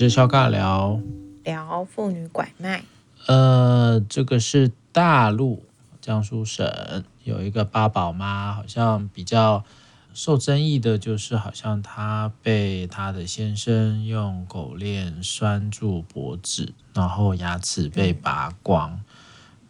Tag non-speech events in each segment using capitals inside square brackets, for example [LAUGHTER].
是肖尬聊，聊婦女拐賣。呃，這個是大陸江蘇省有一個八寶媽，好像比較受爭議的，就是好像她被她的先生用狗鏈拴住脖子，然後牙齒被拔光。嗯、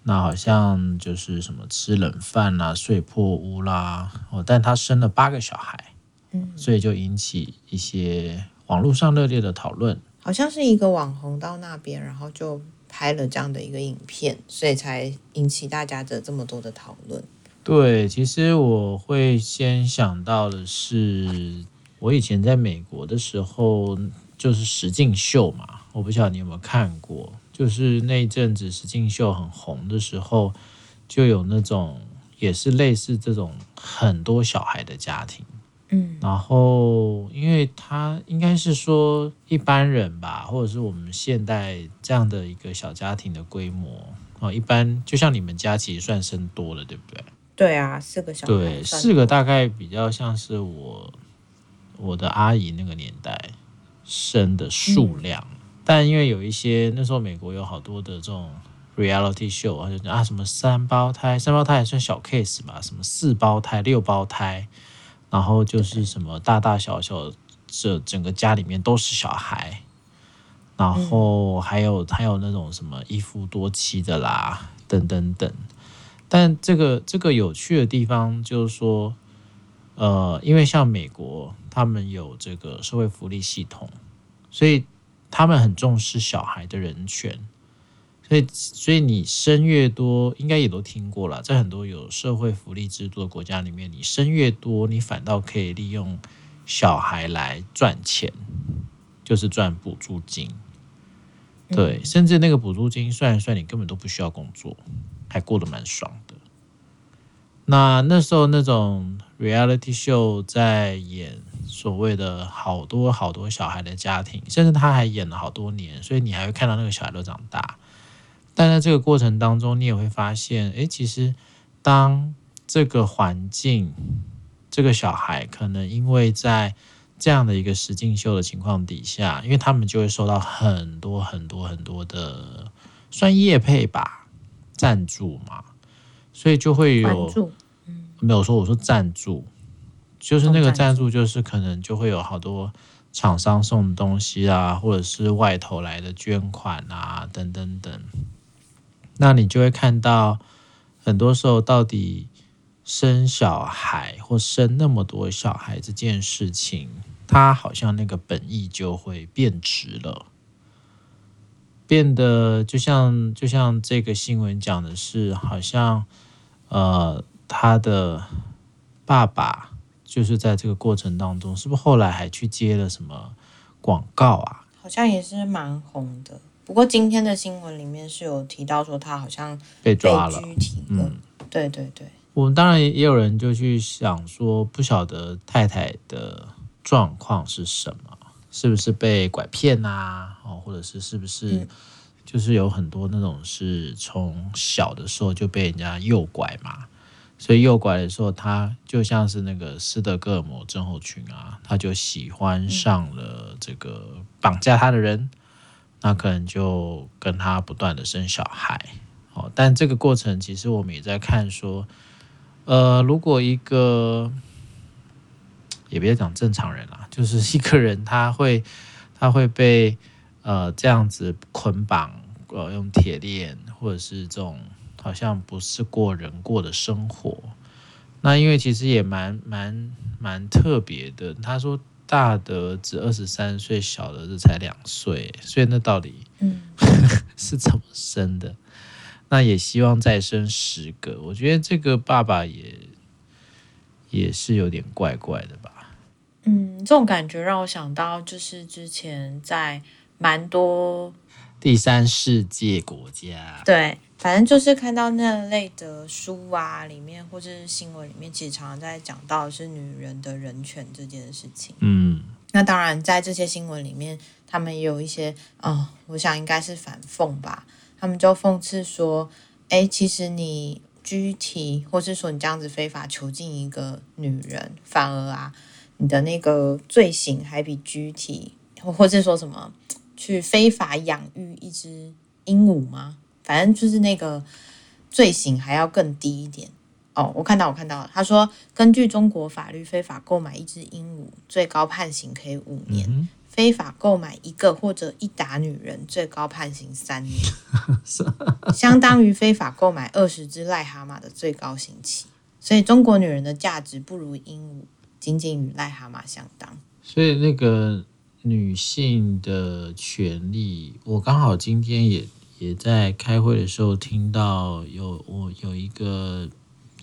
那好像就是什麼吃冷飯啦、啊，睡破屋啦。哦，但她生了八個小孩，嗯，所以就引起一些網絡上熱烈的討論。好像是一個網紅到那邊，然後就拍了這樣的一個影片，所以才引起大家的這麼多的討論。對，其實我會先想到的是，我以前在美國的時候，就是實境秀嘛，我不知道你有沒有看過，就是那陣子實境秀很紅的時候，就有那種也是類似這種很多小孩的家庭。嗯，然後因為他應該是說一般人吧，或者是我們現代這樣的一個小家庭的規模啊，一般就像你們家其實算生多了，對不對？對啊，四個小，對，四個大概比較像是我我的阿姨那個年代生的數量。嗯，但因為有一些那時候美國有好多的這種 reality show 啊，就啊，什麼三胞胎，三胞胎也算小 case 吧，什麼四胞胎、六胞胎。然後就是什麼大大小小，這整個家裡面都是小孩，然後還有、嗯、還有那種什麼一夫多妻的啦，等等等。但這個這個有趣的地方就是說，呃，因為像美國，他們有這個社會福利系統，所以他們很重視小孩的人權。所以，所以你生越多，應該也都聽過了，在很多有社會福利制度的國家裡面，你生越多，你反倒可以利用小孩來賺錢，就是賺補助金。對，嗯，甚至那個補助金算一算，你根本都不需要工作，還過得蠻爽的。那那時候那種 reality show 在演所謂的好多好多小孩的家庭，甚至他還演了好多年，所以你還會看到那個小孩都長大。但在這個過程當中，你也會發現，誒、欸，其實當這個環境，這個小孩可能因為在這樣的一個實境秀的情況底下，因為他們就會收到很多很多很多的算業配吧，贊助嘛，所以就會有，沒有說我說贊助，就是那個贊助，就是可能就會有好多廠商送東西啊，或者是外頭來的捐款啊，等等等。那你就會看到，很多時候到底生小孩或生那麼多小孩這件事情，他好像那個本意就會變質了，變得就像就像這個新聞講的是，好像呃，他的爸爸就是在這個過程當中，是不是後來還去接了什麼廣告啊？好像也是蠻紅的。不過今天的新聞裡面是有提到說，他好像被狙擊了，被抓了。嗯，對對對，我們當然也有人就去想說，不曉得太太的狀況是什麼，是不是被拐騙啊？哦，或者是是不是就是有很多那種是從小的時候就被人家誘拐嘛？所以誘拐的時候，他就像是那個斯德哥爾摩症候群啊，他就喜歡上了這個綁架他的人。嗯那可能就跟他不斷的生小孩，哦，但這個過程其實我們也在看說，呃，如果一個，也別講正常人啦，就是一個人他會他會被呃這樣子捆綁，呃，用鐵鏈或者是這種好像不是過人過的生活，那因為其實也蠻蠻蠻特別的，他說。大的只二十三歲，小的這才兩歲，所以那到底、嗯、 [LAUGHS] 是怎麼生的？那也希望再生十個。我覺得這個爸爸也也是有點怪怪的吧。嗯，這種感覺讓我想到，就是之前在蠻多。第三世界國家，對，反正就是看到那類的書啊，裡面或者是新聞裡面，其實常常在講到是女人的人權這件事情。嗯，那當然在這些新聞裡面，他們也有一些哦，我想應該是反諷吧。他們就諷刺說：“哎、欸，其實你拘提或是說你這樣子非法囚禁一個女人，反而啊，你的那個罪行還比拘提，或或是說什麼。”去非法養育一隻鸚鵡嗎？反正就是那個罪行，還要更低一點哦。我看到，我看到了，他說根據中國法律，非法購買一隻鸚鵡最高判刑可以五年、嗯；非法購買一個或者一打女人最高判刑三年， [LAUGHS] 相當於非法購買二十隻癩蛤蟆的最高刑期。所以，中國女人的價值不如鸚鵡，僅僅與癩蛤蟆相當。所以那個。女性的權利，我剛好今天也也在開會的時候聽到有，有我有一個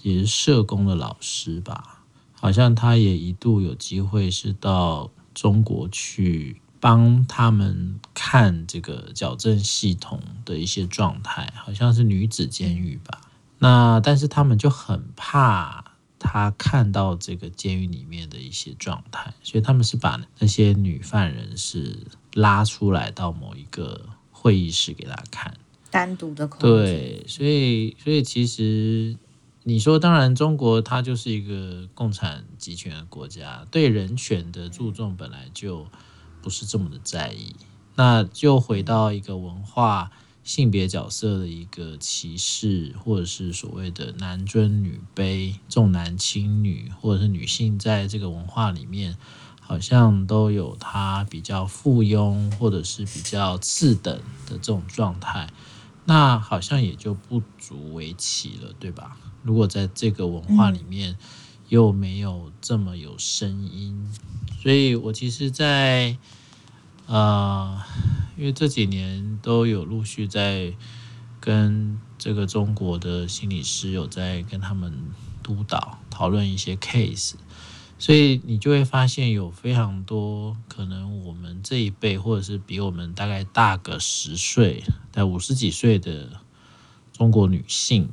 也是社工的老師吧，好像他也一度有機會是到中國去幫他們看這個矯正系統的一些狀態，好像是女子監獄吧。那但是他們就很怕。他看到這個監獄裡面的一些狀態，所以他們是把那些女犯人是拉出來到某一個會議室給大家看，單獨的空間。對，所以所以其實你說，當然中國它就是一個共產極權的國家，對人權的注重本來就不是這麼的在意，那就回到一個文化，性別角色的一個歧視，或者是所謂的男尊女卑、重男輕女，或者是女性在這個文化裡面好像都有她比較附庸或者是比較次等的這種狀態，那好像也就不足為奇了，對吧？如果在這個文化裡面又沒有這麼有聲音，所以我其實，在。啊、呃，因為這幾年都有陸續在跟這個中國的心理師有在跟他們督導討論一些 case，所以你就會發現有非常多可能我們這一輩或者是比我們大概大個十歲，在五十幾歲的中國女性，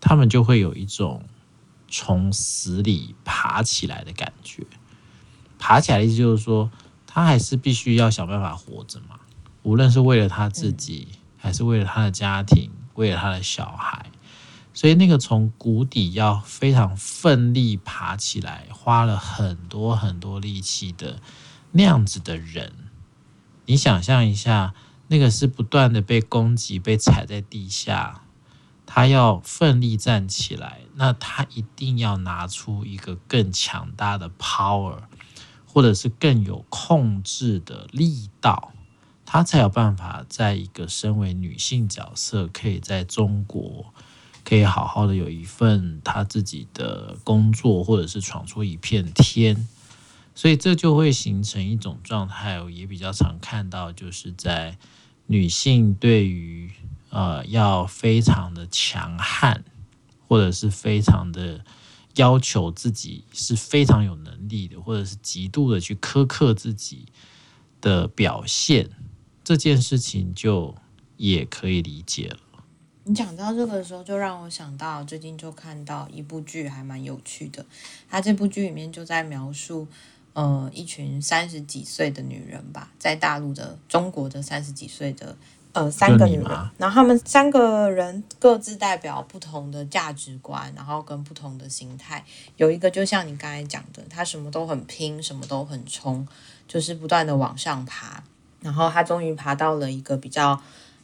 她們就會有一種從死裡爬起來的感覺。爬起來的意思就是說，他還是必須要想辦法活着嘛，無論是為了他自己，還是為了他的家庭，為了他的小孩，所以那個從谷底要非常奮力爬起來，花了很多很多力氣的那樣子的人，你想象一下，那個是不斷的被攻擊、被踩在地下，他要奮力站起來，那他一定要拿出一個更強大的 power。或者是更有控制的力道，她才有辦法在一個身為女性角色，可以在中國，可以好好的有一份她自己的工作，或者是闖出一片天。所以這就會形成一種狀態，也比較常看到，就是在女性對於呃要非常的強悍，或者是非常的。要求自己是非常有能力的，或者是極度的去苛刻自己的表現，這件事情就也可以理解了。你講到這個的時候，就讓我想到最近就看到一部劇，還蠻有趣的。它這部劇裡面就在描述，呃，一群三十幾歲的女人吧，在大陸的中國的三十幾歲的。呃，三個女兒，然後他們三個人各自代表不同的價值觀，然後跟不同的心態。有一個就像你剛才講的，他什麼都很拼，什麼都很衝，就是不斷的往上爬。然後他終於爬到了一個比較。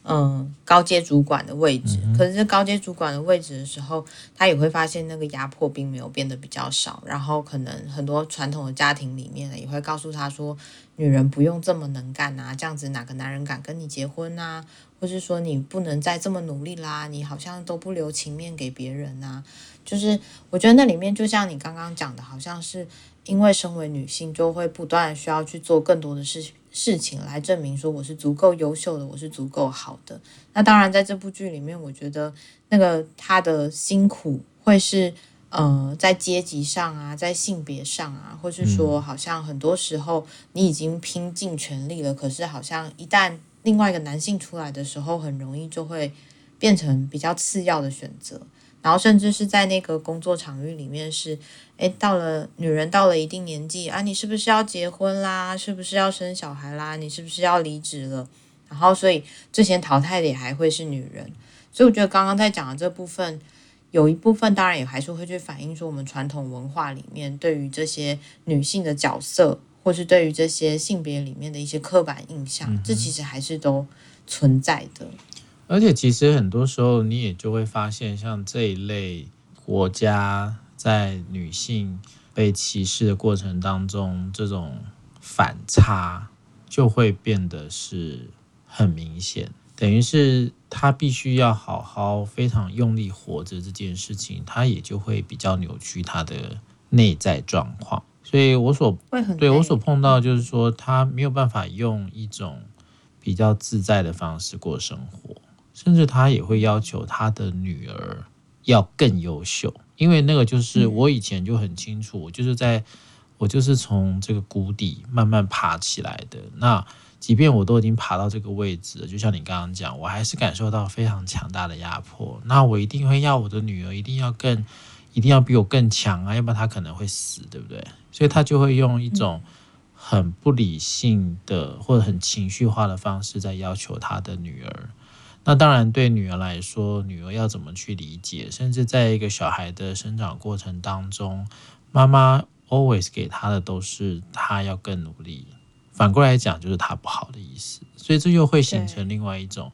嗯，高階主管的位置，嗯、可是高階主管的位置的時候，他也會發現那個壓迫並沒有變得比較少。然後可能很多傳統的家庭裡面也會告訴他說，女人不用這麼能幹吶、啊，這樣子哪個男人敢跟你結婚吶、啊，或是說你不能再這麼努力啦，你好像都不留情面給別人吶、啊。就是我覺得那裡面就像你剛剛講的，好像是因為身為女性就會不斷需要去做更多的事情。事情來證明說我是足夠優秀的，我是足夠好的。那當然，在這部劇裡面，我覺得那個他的辛苦會是呃，在階級上啊，在性別上啊，或是說，好像很多時候你已經拼盡全力了，可是好像一旦另外一個男性出來的時候，很容易就會變成比較次要的選擇。然後甚至是在那個工作場域裡面是，誒，到了女人到了一定年紀啊，你是不是要結婚啦？是不是要生小孩啦？你是不是要離職了？然後所以最先淘汰的也還會是女人。所以我覺得剛剛在講的這部分，有一部分當然也還是會去反映出我們傳統文化裡面對於這些女性的角色，或是對於這些性別裡面的一些刻板印象，嗯、這其實還是都存在的。而且其實很多時候你也就會發現，像這一類國家在女性被歧視的過程當中，這種反差就會變得是很明顯。等於是她必須要好好、非常用力活着這件事情，她也就會比較扭曲她的內在狀況。所以我所對我所碰到就是說，她沒有辦法用一種比較自在的方式過生活。甚至他也會要求他的女兒要更優秀，因為那個就是我以前就很清楚，我就是在我就是從這個谷底慢慢爬起來的。那即便我都已經爬到這個位置，就像你剛剛講，我還是感受到非常強大的壓迫。那我一定會要我的女兒一定要更，一定要比我更強啊，要不然她可能會死，對不對？所以他就會用一種很不理性的或者很情緒化的方式在要求他的女兒。那當然，對女兒來說，女兒要怎麼去理解？甚至在一個小孩的生長過程當中，媽媽 always 給她的都是她要更努力，反過來講就是她不好的意思。所以這又會形成另外一種，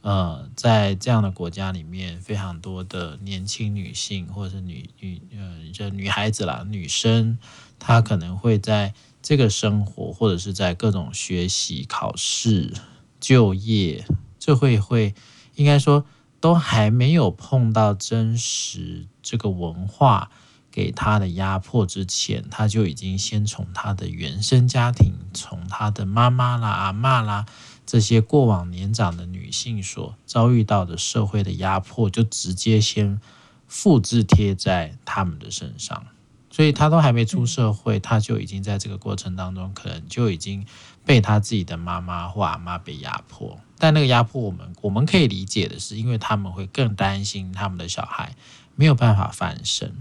呃，在這樣的國家裡面，非常多的年輕女性或者是女女，呃，就女孩子啦，女生，她可能會在這個生活或者是在各種學習、考試、就業。社會會，應該說都還沒有碰到真實這個文化給他的壓迫之前，他就已經先從他的原生家庭，從他的媽媽啦、阿嬤啦、這些過往年長的女性所遭遇到的社會的壓迫，就直接先複製貼在他們的身上。所以，他都還沒出社會，他就已經在這個過程當中，可能就已經被他自己的媽媽或阿嬤被壓迫。但那個壓迫，我們我們可以理解的是，因為他們會更擔心他們的小孩沒有辦法翻身。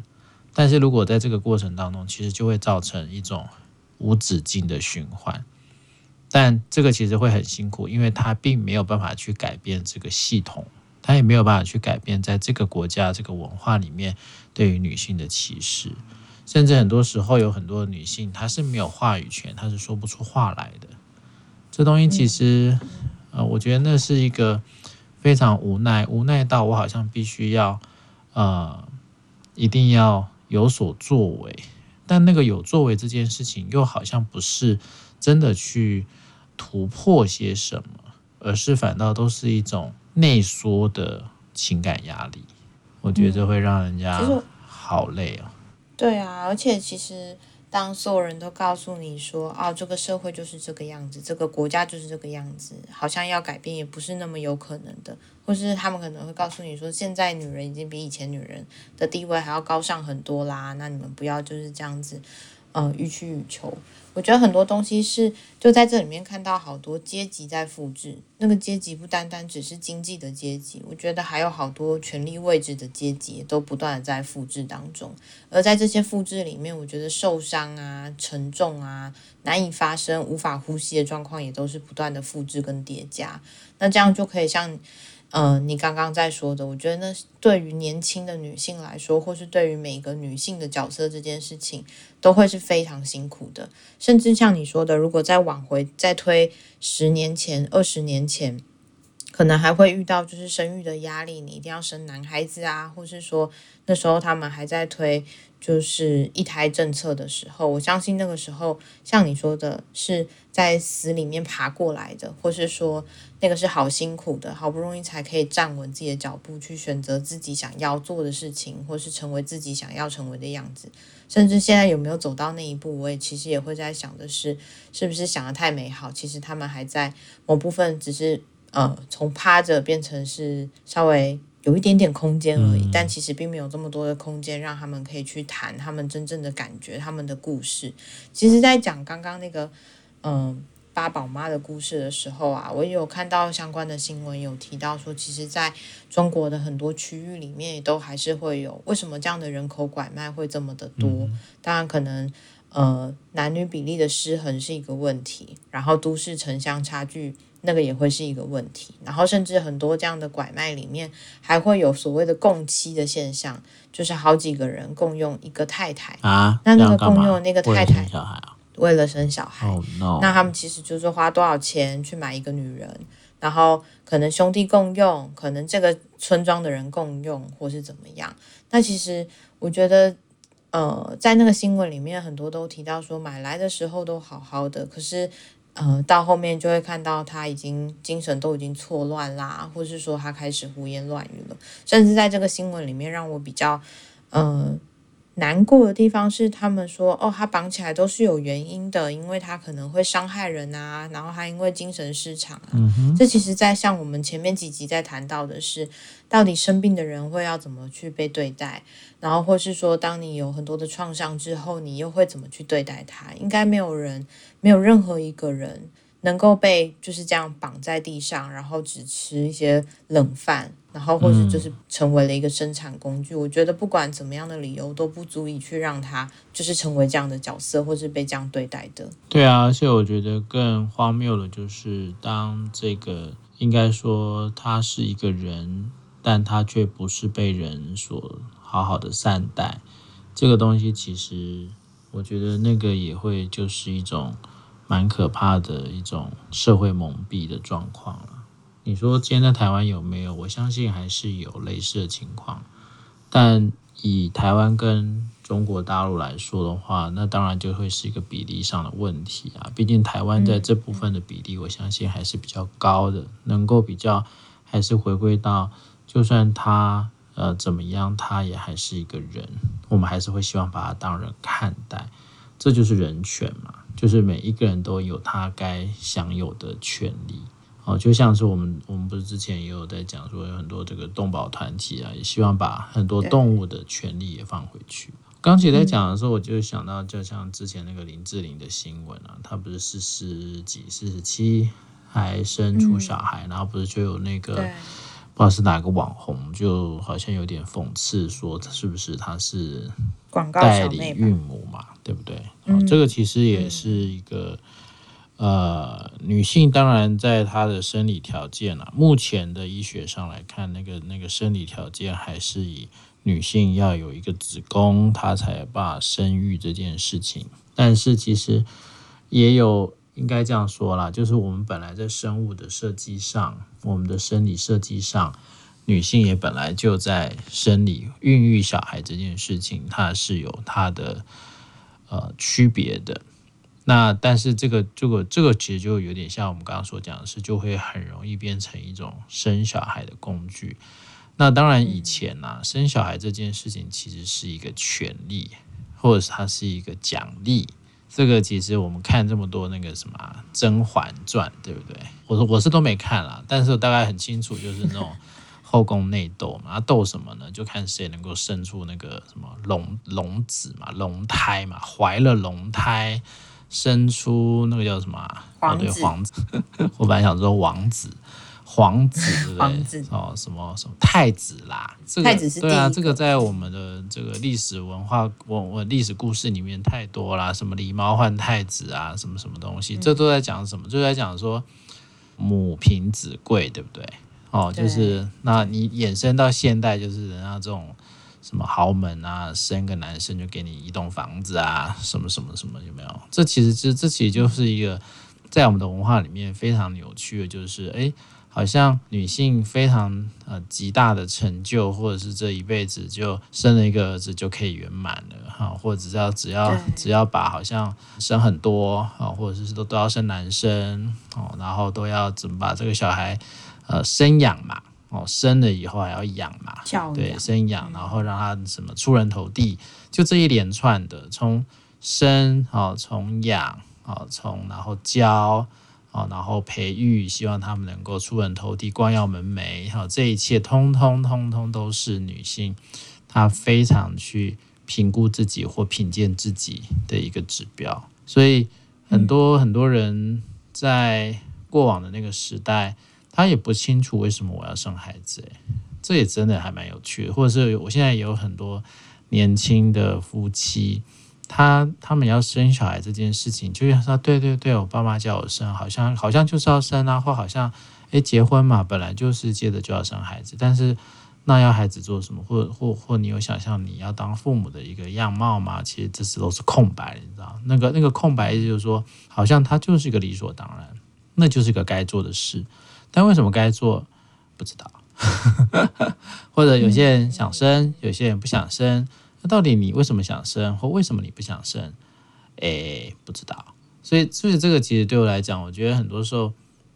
但是如果在這個過程當中，其實就會造成一種無止境的循環。但這個其實會很辛苦，因為他並沒有辦法去改變這個系統，他也沒有辦法去改變在這個國家這個文化裡面對於女性的歧視。甚至很多時候，有很多女性她是沒有話語權，她是說不出話來的。這東西其實，嗯。呃，我覺得那是一個非常無奈，無奈到我好像必須要，呃，一定要有所作為，但那個有作為這件事情又好像不是真的去突破些什麼，而是反倒都是一種內縮的情感壓力。我覺得這會讓人家好累啊，哦嗯。對啊，而且其實。當所有人都告訴你說，哦，這個社會就是這個樣子，這個國家就是這個樣子，好像要改變也不是那麼有可能的，或是他們可能會告訴你說，現在女人已經比以前女人的地位還要高尚很多啦，那你們不要就是這樣子，嗯、呃，予取予求。我覺得很多東西是就在這裡面看到好多階級在複製，那個階級不單單只是經濟的階級，我覺得還有好多權力位置的階級都不斷的在複製當中，而在這些複製裡面，我覺得受傷啊、沉重啊、難以發聲、無法呼吸的狀況也都是不斷的複製跟疊加，那這樣就可以像。嗯、呃，你剛剛在說的，我覺得那對於年輕的女性來說，或是對於每個女性的角色這件事情，都會是非常辛苦的。甚至像你說的，如果再往回再推十年前、二十年前，可能還會遇到就是生育的壓力，你一定要生男孩子啊，或是說那時候他們還在推。就是一胎政策的時候，我相信那個時候，像你說的是在死裡面爬過來的，或是說那個是好辛苦的，好不容易才可以站穩自己的腳步，去選擇自己想要做的事情，或是成為自己想要成為的樣子。甚至現在有沒有走到那一步，我也其實也會在想的是，是不是想得太美好？其實他們還在某部分，只是呃，從趴着變成是稍微。有一點點空間而已，嗯嗯，但其實並沒有這麼多的空間讓他們可以去談他們真正的感覺、他們的故事。其實，在講剛剛那個嗯、呃、八寶媽的故事的時候啊，我也有看到相關的新聞有提到說，其實在中國的很多區域裡面，都還是會有為什麼這樣的人口拐賣會這麼的多。嗯，嗯當然，可能呃男女比例的失衡是一個問題，然後都市城鄉差距。那個也會是一個問題，然後甚至很多這樣的拐賣裡面還會有所謂的共妻的現象，就是好幾個人共用一個太太啊。那那個共用那個太太，啊、為了生小孩。小孩 Oh, no. 那他們其實就是說花多少錢去買一個女人，然後可能兄弟共用，可能這個村莊的人共用，或是怎麼樣。那其實我覺得，呃，在那個新聞裡面，很多都提到說，買來的時候都好好的，可是。呃，到後面就會看到他已經精神都已經錯亂啦，或是說他開始胡言亂語了，甚至在這個新聞裡面讓我比較，嗯、呃。難過的地方是，他們說哦，他綁起來都是有原因的，因為他可能會傷害人啊，然後他因為精神失常啊、嗯。這其實在像我們前面幾集在談到的是，到底生病的人會要怎麼去被對待？然後或是說，當你有很多的創傷之後，你又會怎麼去對待他？應該沒有人，沒有任何一個人能夠被就是這樣綁在地上，然後只吃一些冷飯。然後，或者就是成為了一個生產工具。嗯，我覺得不管怎麼樣的理由，都不足以去讓他就是成為這樣的角色，或者是被這樣對待的。對啊，而且我覺得更荒謬的，就是當這個應該說他是一個人，但他卻不是被人所好好的善待，這個東西其實我覺得那個也會就是一種蠻可怕的一種社會蒙蔽的狀況。你說今天在台灣有沒有？我相信還是有類似的情況，但以台灣跟中國大陸來說的話，那當然就會是一個比例上的問題啊。畢竟台灣在這部分的比例，我相信還是比較高的。嗯、能夠比較還是回歸到，就算他呃怎麼樣，他也還是一個人，我們還是會希望把他當人看待，這就是人權嘛，就是每一個人都有他該享有的權利。哦，就像是我們我們不是之前也有在講說有很多這個動保團體啊，也希望把很多動物的權利也放回去。剛才在講的時候，我就想到，就像之前那個林志玲的新聞啊，她、嗯、不是四十幾、四十七還生出小孩、嗯，然後不是就有那個不知道是哪個網紅，就好像有點諷刺說，是不是她是代理孕母嘛，對不對？嗯、哦，這個其實也是一個。呃，女性當然在她的生理條件啊，目前的醫學上來看，那個那個生理條件還是以女性要有一個子宮，她才把生育這件事情。但是其實也有，應該這樣說啦，就是我們本來在生物的設計上，我們的生理設計上，女性也本來就在生理孕育小孩這件事情，它是有它的，呃，區別的。那但是這個這個這個其實就有點像我們剛剛所講的是，就會很容易變成一種生小孩的工具。那當然以前呢、啊，生小孩這件事情其實是一個權利，或者是它是一個獎勵。這個其實我們看這麼多那個什麼、啊《甄嬛傳》，對不對？我我是都沒看了、啊，但是我大概很清楚，就是那種後宮內鬥嘛，鬥 [LAUGHS] 什麼呢？就看誰能夠生出那個什麼龍龍子嘛，龍胎嘛，懷了龍胎。生出那個叫什麼、啊？皇對皇子，我本來想說王子，皇子對不對？哦，什麼什麼太子啦，這個、太子是個。對啊，這個在我們的這個歷史文化、我我歷史故事裡面太多啦。什麼狸貓換太子啊，什麼什麼東西，嗯、這都在講什麼？就在講說母憑子貴，對不對？哦，就是那你衍生到現代，就是人家這種。什麼豪門啊，生個男生就給你一棟房子啊，什麼什麼什麼，有沒有？這其實這、就是、這其實就是一個在我們的文化裡面非常扭曲的，就是哎，好像女性非常呃極大的成就，或者是這一輩子就生了一個兒子就可以圓滿了哈、哦，或者是要只要只要把好像生很多啊、哦，或者是都都要生男生哦，然後都要怎麼把這個小孩呃生養嘛。哦，生了以後還要養嘛養？對，生養，然後讓他什麼出人頭地，就這一連串的，從生，從養，從然後教，然後培育，希望他們能夠出人頭地、光耀門楣。哈，這一切通通通通都是女性，她非常去評估自己或品鑑自己的一個指標。所以，很多、嗯、很多人在過往的那個時代。他也不清楚為什麼我要生孩子、欸，這也真的還蠻有趣的。或者是我現在也有很多年輕的夫妻，他他們要生小孩這件事情，就像說，對對對，我爸媽叫我生，好像好像就是要生啊，或好像誒結婚嘛，本來就是接着就要生孩子。但是那要孩子做什麼？或或或你有想象你要當父母的一個樣貌嗎？其實這次都是空白，你知道，那個那個空白就是說，好像他就是一個理所當然，那就是一個該做的事。但為什麼該做？不知道， [LAUGHS] 或者有些人想生，有些人不想生。那到底你為什麼想生，或為什麼你不想生？誒、欸，不知道。所以，所以這個其實對我來講，我覺得很多時候，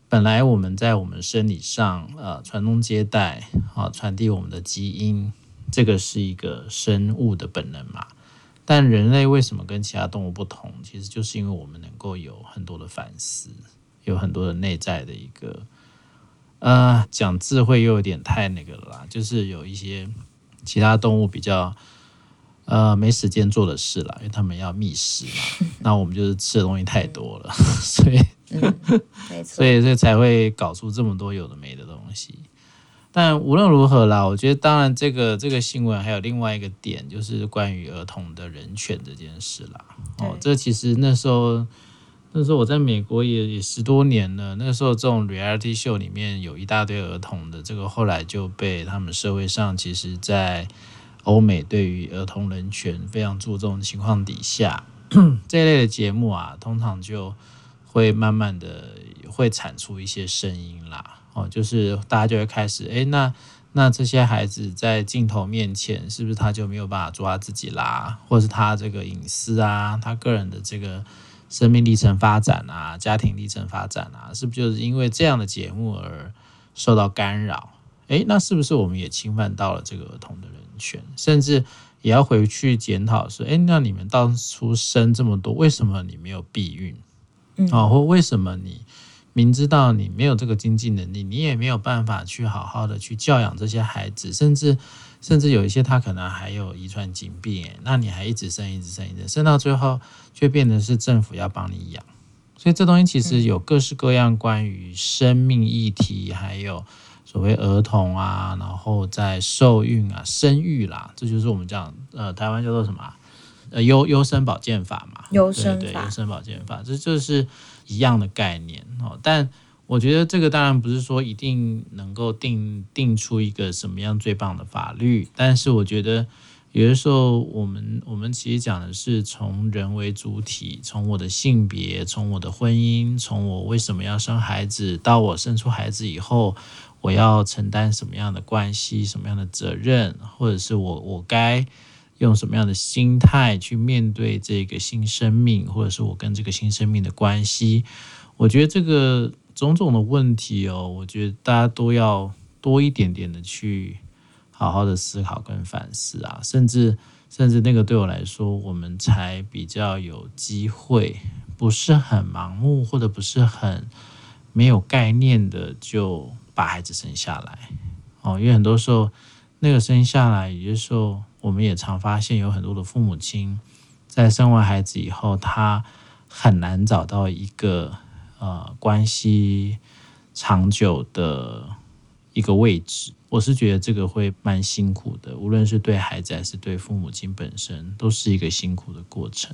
本來我們在我們生理上，呃，傳宗接代，啊、呃，傳遞我們的基因，這個是一個生物的本能嘛。但人類為什麼跟其他動物不同，其實就是因為我們能夠有很多的反思，有很多的內在的一個。呃，講智慧又有點太那個了啦，就是有一些其他動物比較呃沒時間做的事了，因為他們要覓食嘛。 [LAUGHS] 那我們就是吃的東西太多了，嗯、所以、嗯、 [LAUGHS] 所以這才會搞出這麼多有的沒的東西。但無論如何啦，我覺得當然這個這個新聞還有另外一個點，就是關於兒童的人權這件事啦。哦，這其實那時候。那時候我在美國也也十多年了。那時候這種 Reality show 裡面有一大堆兒童的，這個後來就被他們社會上其實，在歐美對於兒童人權非常注重的情況底下， [COUGHS] 這一類的節目啊，通常就會慢慢的會產出一些聲音啦。哦，就是大家就會開始，誒、欸，那那這些孩子在鏡頭面前，是不是他就沒有辦法做他自己啦，或者是他這個隱私啊，他個人的這個。生命歷程發展啊，家庭歷程發展啊，是不是就是因為這樣的節目而受到干擾？誒、欸，那是不是我們也侵犯到了這個兒童的人權？甚至也要回去檢討說，誒、欸，那你們當初生這麼多，為什麼你沒有避孕、嗯？啊，或為什麼你明知道你沒有這個經濟能力，你也沒有辦法去好好的去教養這些孩子，甚至。甚至有一些他可能還有遺傳疾病。那你還一直生，一直生，一直生，到最後卻變成是政府要幫你養，所以這東西其實有各式各樣關於生命議題，還有所謂兒童啊，然後在受孕啊、生育啦，這就是我們講呃台灣叫做什麼呃優優生保健法嘛，優生法，對對對，優生保健法，這就是一樣的概念哦，但。我覺得這個當然不是說一定能夠定定出一個什麼樣最棒的法律，但是我覺得有的時候我們我們其實講的是從人為主體，從我的性別，從我的婚姻，從我為什麼要生孩子，到我生出孩子以後我要承擔什麼樣的關係、什麼樣的責任，或者是我我該用什麼樣的心態去面對這個新生命，或者是我跟這個新生命的關係。我覺得這個。種種的問題哦，我覺得大家都要多一點點的去好好的思考跟反思啊，甚至甚至那個對我來說，我們才比較有機會，不是很盲目或者不是很沒有概念的就把孩子生下來哦，因為很多時候那個生下來，有的時候我們也常發現有很多的父母親在生完孩子以後，他很難找到一個。呃，關係長久的一個位置，我是覺得這個會蠻辛苦的，無論是對孩子還是對父母親本身，都是一個辛苦的過程。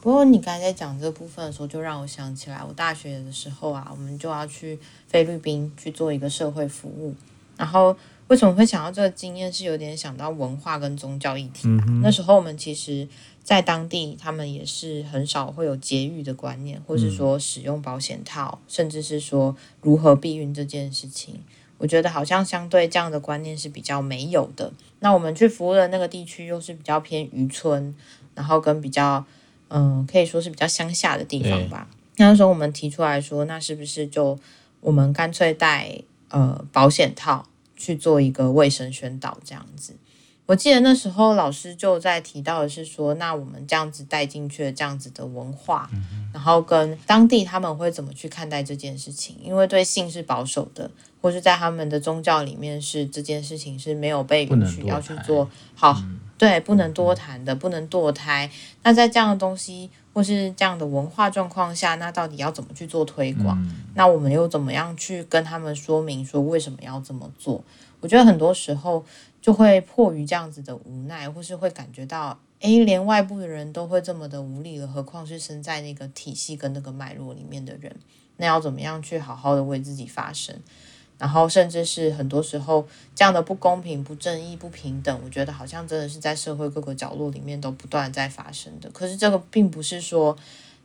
不過你剛才講這部分的時候，就讓我想起來，我大學的時候啊，我們就要去菲律賓去做一個社會服務。然後為什麼會想到這個經驗，是有點想到文化跟宗教議題啊，嗯。那時候我們其實。在當地，他們也是很少會有節育的觀念，或是說使用保險套、嗯，甚至是說如何避孕這件事情，我覺得好像相對這樣的觀念是比較沒有的。那我們去服務的那個地區又是比較偏漁村，然後跟比較，嗯、呃，可以說是比較鄉下的地方吧、欸。那時候我們提出來說，那是不是就我們乾脆帶呃保險套去做一個衛生宣導這樣子？我記得那時候老師就在提到的是說，那我們這樣子帶進去這樣子的文化、嗯，然後跟當地他們會怎麼去看待這件事情？因為對性是保守的，或是在他們的宗教裡面是這件事情是沒有被允許要去做。好、嗯，對，不能多談的，不能墮胎。嗯、那在這樣的東西或是這樣的文化狀況下，那到底要怎麼去做推廣、嗯？那我們又怎麼樣去跟他們說明說為什麼要這麼做？我覺得很多時候。就會迫於這樣子的無奈，或是會感覺到，誒，連外部的人都會這麼的無力了，何況是身在那個體系跟那個脈絡裡面的人？那要怎麼樣去好好的為自己發聲？然後，甚至是很多時候這樣的不公平、不正義、不平等，我覺得好像真的是在社會各個角落裡面都不斷在發生的。可是，這個並不是說。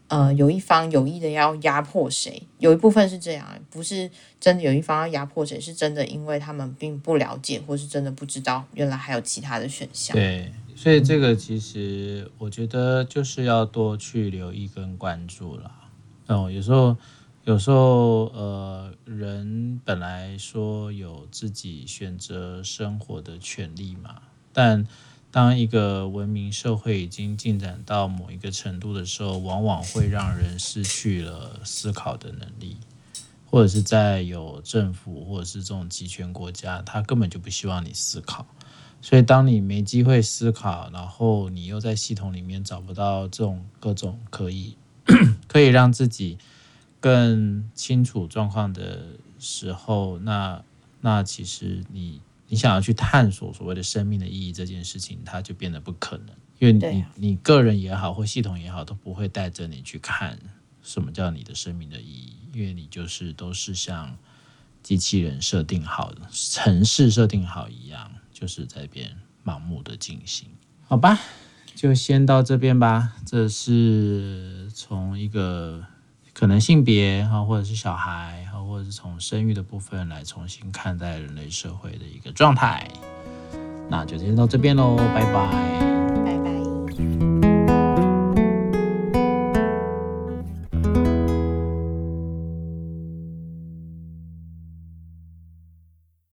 呃，有一方有意的要壓迫誰，有一部分是這樣，不是真的有一方要壓迫誰，是真的因為他們並不了解，或是真的不知道，原來還有其他的選項。對，所以這個其實我覺得就是要多去留意跟關注啦。哦、嗯嗯，有時候，有時候，呃，人本來說有自己選擇生活的權利嘛，但。當一個文明社會已經進展到某一個程度的時候，往往會讓人失去了思考的能力，或者是在有政府或者是這種集權國家，他根本就不希望你思考。所以，當你沒機會思考，然後你又在系統裡面找不到這種各種可以 [COUGHS] 可以讓自己更清楚狀況的時候，那那其實你。你想要去探索所謂的生命的意義這件事情，它就變得不可能，因為你你個人也好或系統也好，都不會帶着你去看什麼叫你的生命的意義，因為你就是都是像機器人設定好的、程式設定好一樣，就是在那邊盲目的進行。好吧，就先到這邊吧。這是從一個。可能性別啊，或者是小孩啊，或者是從生育的部分來重新看待人類社會的一個狀態，那就先到這邊嘍，拜拜。拜拜。